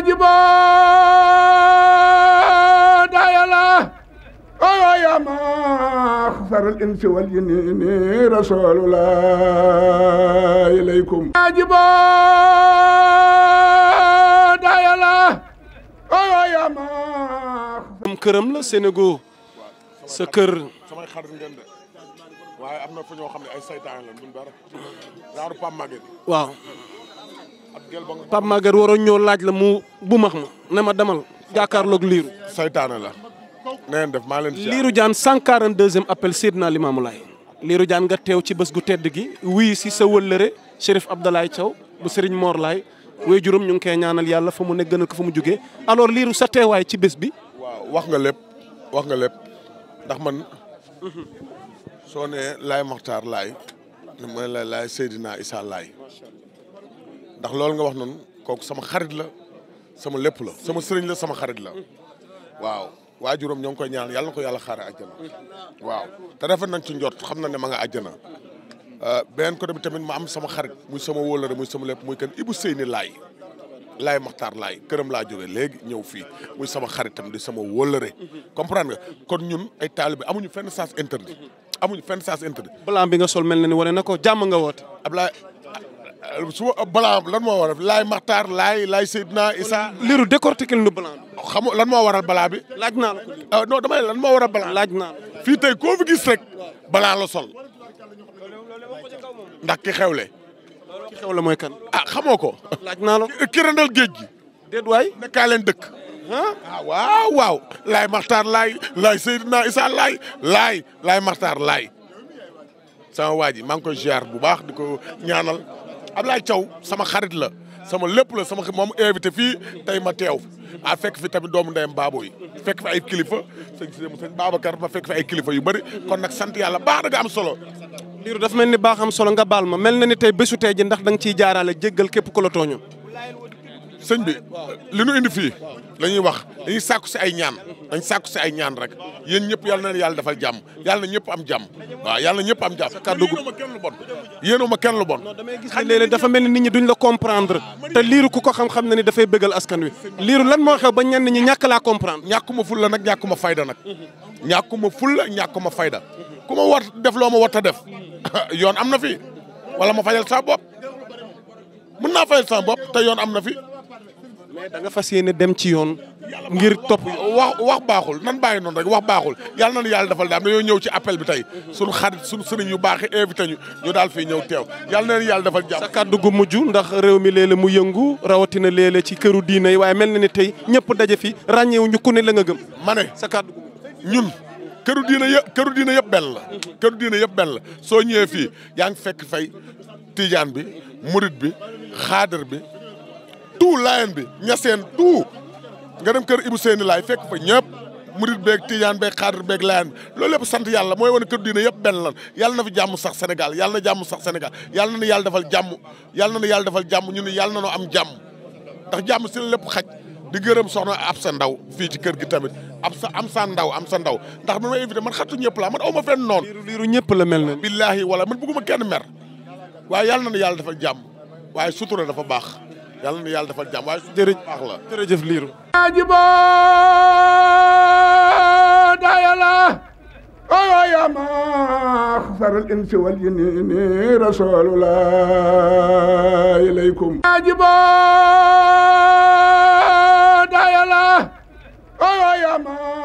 واجبا دايلا ويا ما خسر الانس والجنين رسول الله اليكم واجبا دايلا ويا ما كرم لا سينغو sa kër samay xarit ngeen de waaye am na fu ñoo xam ne ay saytaan la duñ dara genre Pape Maguette waaw Pape Maguette waroon ñëw laaj la mu bu max ma ne ma demal jàkkaarloog liiru. saytaane la. na ngeen def maa liiru jaan 142e appel Seydina Limamou Laye liiru jaan nga teew ci bës gu tedd gi wuyu si sa wëllëre Chérif Abdoulaye Thiaw bu Serigne Mor laay wéy juróom ñu ngi koy ñaanal yàlla fa mu ne ko fa mu jógee alors liiru sa teewaay ci bés bi. waaw wax nga lépp wax nga lépp ndax man. Mhm. soo nee Laye Makhtar Laye. mooy Laye Seydina Issa ndax loolu nga wax noonu kooku sama xarit la sama lépp la sama sëriñ la sama xarit la waaw waajuram ñoo ngi koy ñaan yàlla na ko yàlla xaare àjjana waaw te rafet nañ ci njort xam na ne ma nga àjjana euh, beneen côté bi tamit ma am sama xarit muy sama wóolare muy sama lépp muy kan Ibou Seyni Laay Laay Maxtaar Laay këram laa jógee léegi ñëw fii muy sama xaritam di sama wóolare comprendre kon ñun ay taalibe amuñu fenn sens interdit amuñu fenn sens interdit. blanc nga sol mel na ni wane na ko jàmm nga woote Ablaye Euh, su euh, blanc lan moo waral laay Maxtaar laay laay naa Issa. liru décortiquer lu blanc bi. xam lan moo waral blanc bi. laaj naa la euh, damay lan moo waral blanc. laaj naa fii tey koo fi gis rek. blanc la ndax ki xewle. ki xewle mooy kan. ah xamoo ko. laaj naa la ki randal géej gi. déet waay nekkaa leen dëkk. Ah, waaw waaw. laay Maxtaar laay laay Seydina Issa laay laay laay Maxtaar laay. sama waa ji maa ngi koy ziar bu baax di ko ñaanal. Ablaye Thiaw sama xarit la sama lépp la sama moom invité fii tey ma teew ah fekk fi tamit doomu ndeyam baaboo yi fekk fi ay kilifa sëñ si sëñ Babacar ma fekk fi ay kilifa yu bëri kon nag sant yàlla baax nga am solo. liiru dafa mel ni baax am solo nga baal ma mel na ni tey bésu tey ji ndax da nga ciy jaaraale jéggal képp ku la tooñu sëñ bi li nu indi fii la ñuy wax dañuy sàkku si ay ñaan dañ sàkku si ay ñaan rek yéen ñëpp yal na yàlla defal jàmm yàlla na ñëpp am jàmm waaw yàlla na ñëpp am jàmm kàddu gu kenn lu bon yéenoo ma kenn lu bon damay gis ne léeg dafa mel ni nit ñi duñ la comprendre ah, te liiru ku ko xam-xam ne ni dafay bëggal askan wi liiru lan moo xew ba ñenn ñi ñàkk laa comprendre ñàkkuma ful la nag ñàkkuma fayda nag ñàkkuma ful la ñàkkuma fayda ku ma war def loo ma war ta def yoon am na fi wala ma fayal sa bopp mën naa fayal sa am na fi mais da nga fas yéene dem ci yoon. ngir topp wax wax baaxul nan bàyyi noonu rek wax baaxul yàlla nanu yàlla defal daam dañoo ñëw ci appel bi tey sunu xarit sunu sëriñ yu baax yi invité ñu ñu daal fii ñëw teew yàlla na leen yàlla defal jàmm. sa kàddu gu mujj ndax réew mi léeg-léeg mu yëngu rawatina léeg ci këru diina yi waaye mel na ni tey ñëpp daje fi ràññeewu ñu ku ne la nga gëm. ma ne sa kàddu ñun. këru diina yëpp këru diina yëpp benn la. këru diina yëpp benn la soo ñëwee fii yaa ngi fekk fay tiijaan bi murit bi xaadar bi tout Layeen bi ñaseen tout nga dem kër mu Seyni Laay fekk fa ñëpp murit beeg Tijaan beeg xaadir beeg Layeen bi loolu yëpp sant yàlla mooy wane kër diine yëpp benn lan yàlla na fi jàmm sax Sénégal yàlla na jàmm sax Sénégal yàlla na nu yàlla defal jàmm yàlla na nu yàlla defal jàmm ñu ne yàlla na nu am jàmm ndax jàmm si lépp xaj di gërëm soxna ab sa ndaw fii ci kër gi tamit ab sa am sa ndaw am sa ndaw ndax man ma invité man xattu ñëpp laa man aw ma fenn noonu. liiru ñëpp la mel na. billaahi wala man bëgguma kenn me waaye yàlla na yàlla dafa jàmm waaye yàlla na yàlla defal jàmm waaye jërëjëf baax la jërëjëf liiru ajibo dayala oyo yama xasaral insi wal jinni rasulullah ilaykum ajibo dayala oyo yama